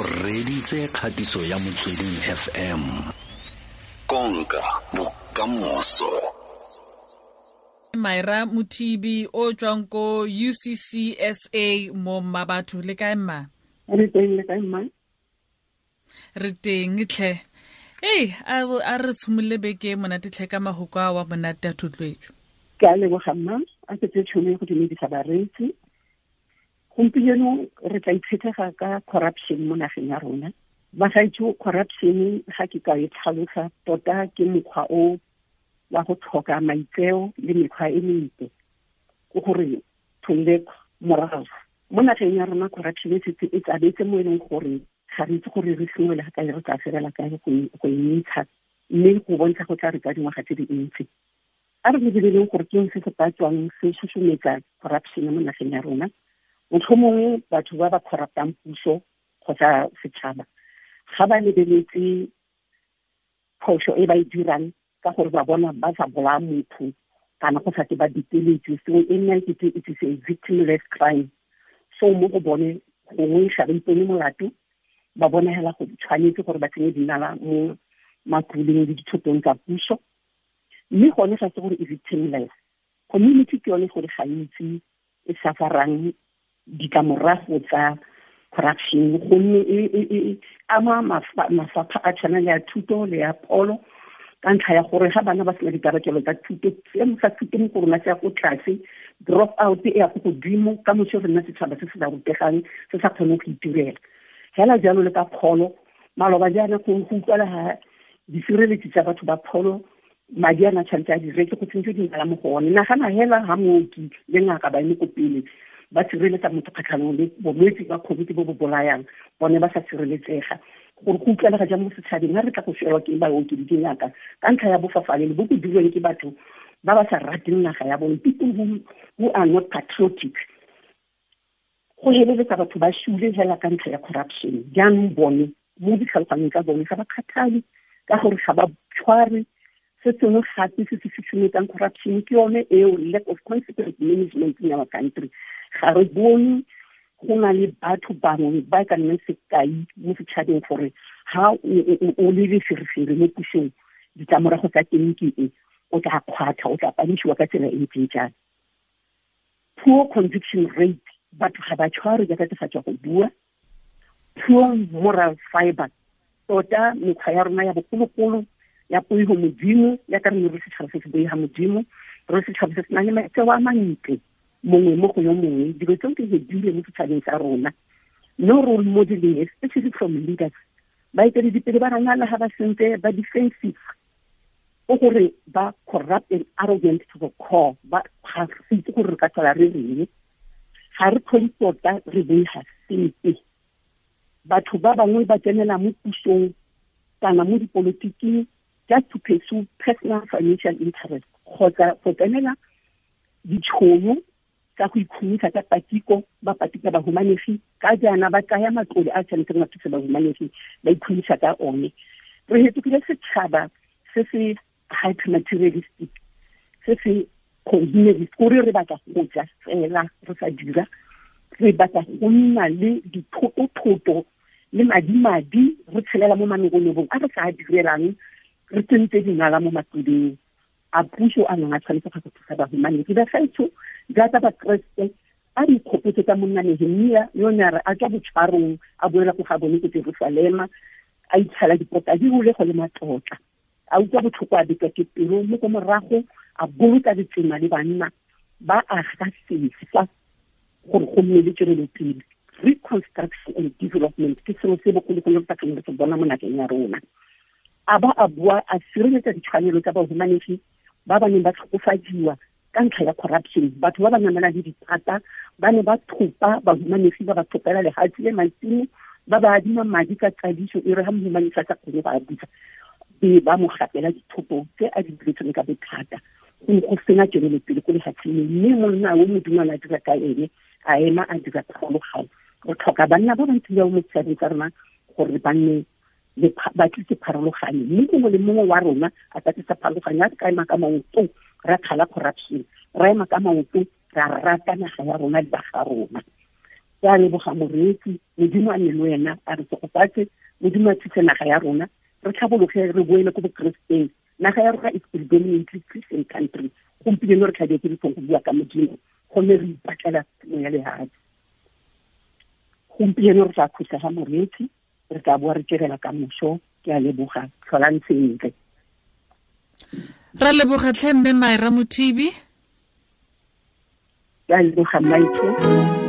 o reditse kgatiso ya motsweding fm konka bokamoso maira mothibi o tswang ko uccsa mo mabatho le kae mma re teng tlhe ei a re tshimolole beke monate tlhe ka mahoko a wa monate a thotlwetso ke a leboga mma a setse tšhono ya go dumedisa bareetsi gompieno re tla itshetlega ka corruption mo nageng ya rona bagaetso corruption ga ke ka e tlhalosa tota ke mokgwa o wa go tlhoka maitseo le mekgwa e mete ke gore to lack morals mo nageng ya rona corruption e setse e tsabetse mo e leng gore ga re itse gore re sengwele ga re tla fela kae e, go e ntsha mme go bontsha go tla re ka dingwaga tse dintsi a re lebeleleng gore ke eng se se ka tswang se susumetsa corruption mo nageng ya rona motlhomongwe batho ba ba corruptang puso kgotsa setšhaba ga ba lebeletse phoso e ba e dirang ka gore ba bona ba sa bolaya motho kana go sa ke ba dipeletse so e nna ke it is a victimless crime so mo go bone gongwe sa ba ipone molato ba bonagela go tshwanetse gore ba tsenye dinala mo makuleng le dithotong tsa puso mme gone sa se gore e victimless community ke yone e gore gantsi e safarang ditlamorago tsa corruption gonne e, e, e, e ama mafapha a tshwana le ya thuto le ya pholo ka ntlha ya gore ga bana ba sena dikarakelo tsa thuto seemo sa thuto mo go se ya ko tlase drop out e ya ko godimo ka moso re nna setšhaba se se sa rutegang se sa kgone go itirela fela jalo le ka pholo maloba jaana go utlwala ga disireletsi tsa batho ba pholo madi a na tshwanetse a direke go tsentse dingala mo go one nagana fela ga mooki le ngaka ba eme ko pele ba tsireletsa motho kgatlhanong le bolwetse ba covid bo bo bolayang bone ba sa tsireletsega gore go utlwalega jang mo setšhabeng a re tla go felwa ke baoki di dingaka ka ntlha ya bofafalele bo bo dirweng ke batho ba ba sa rateng naga ya bone people who, who are not patriotic go heleletsa batho ba shule fela ka ntlha ya corruption jaanong bone mo ditlhaloganeng tsa bone ga ba kgathale ka gore ga ba tshware se sengwe gape se se susumeletsang corruption ke yone eo lack of confidence management in our country ga re bone go na le batho bangwe ba ka nnang sekai mo setšhabeng gore ga o le leferefere mo pusong ditlamorago tsa teng ke e o tla kgwatha o tla panisiwa ka tsela e, e ntseng jang poor conviction rate batho ga ba tshware jaaka ke sa tswa go bua poor moral fiber tota mekgwa ya rona ya bogologolo ya poigo modimo ya ka re re setšhaba se se boega modimo re setšhaba se se na le maitseo a mantle mongwe mo go yo mongwe dilo tseo di hedile mo setšhabeng sa rona no role modeling especially from leaders baeteledipele ba rangala ga ba sentse ba defensive o gore ba corrupt and arrogant to the core ba ga gore re ka tsala re reng ga re tlhompota re boiga sepe batho ba bangwe ba tsenela mo pusong kana mo dipolotiking just to pursue personal financial interest kgotsa go tsenela ditšhono tsa go ikhumisa ka patiko ba patika bahumanegi ka jaana ba tsaya matlole a tshwanetseng ba thusa bahumanegi ba ikhumisa ka one re hetokile setšhaba se se hype materialistic se se consumerist kore re batla go ja fela re sa dira re batla go nna le dithotothoto le madimadi re tshelela mo manegolebong a re sa direlang re tsentse dingala mo matoleng a puso a nong a tshwanetse go thusa bahumanegi ba jaaka bakeresete a re ikgopotse ka monna nehemia yo ne a re a tswa botshwarong a boela go ga bone ko jerusalema a itlhela dipota di ule go le matlotla a utlwa botlhoko a betwa ke pelo mo ko morago a boloka ditsema le banna ba aga sesa gore go nne le tswelelopele reconstruction and development ke selo se bogologolo re tlatlhile go bona mo nakeng ya rona a ba a bua a sireletsa ditshwanelo tsa bahumanegi ba ba neng ba tlhokofadiwa ka ntlha ya corruption batho ba ba namela le dithata ba ne ba thopa bahumanegi ba ba thopela lehatshe le masimo ba ba adima madi ka tsadiso e re ga mohumanegi a sa kgone ba a busa be ba mo gapela dithopo tse a di diretseng ka bothata go go sena tswelelopele ko lehatlheng mme monna o modungwana a dira ka ene a ema a dira pharologano re tlhoka banna ba ba ntseng jao mo setšhabeng tsa rona gore ba nne ba tlise pharologanyo mme mongwe le mongwe wa rona a ka tlisa pharologanyo a re ka ema ka maoto ra kgala corruption ra ema ka maoto ra rata naga ya rona le baga rona ke a leboga moreetsi modimo a ne le wena a re segopatse modimo a thuse naga ya rona re tlhabologe re boele ko bokeresteng naga ya rona is e predominantly christian country gompieno re tlhabee ke ditlong go bua ka modimo gonne re ipatlela temo ya lehadi gompieno re tla thusega moreetsi re tla boa re tirela ka moso ke a leboga tlholang sentle e ra leboga tlhe mme maera mothibi ke a leboga maitho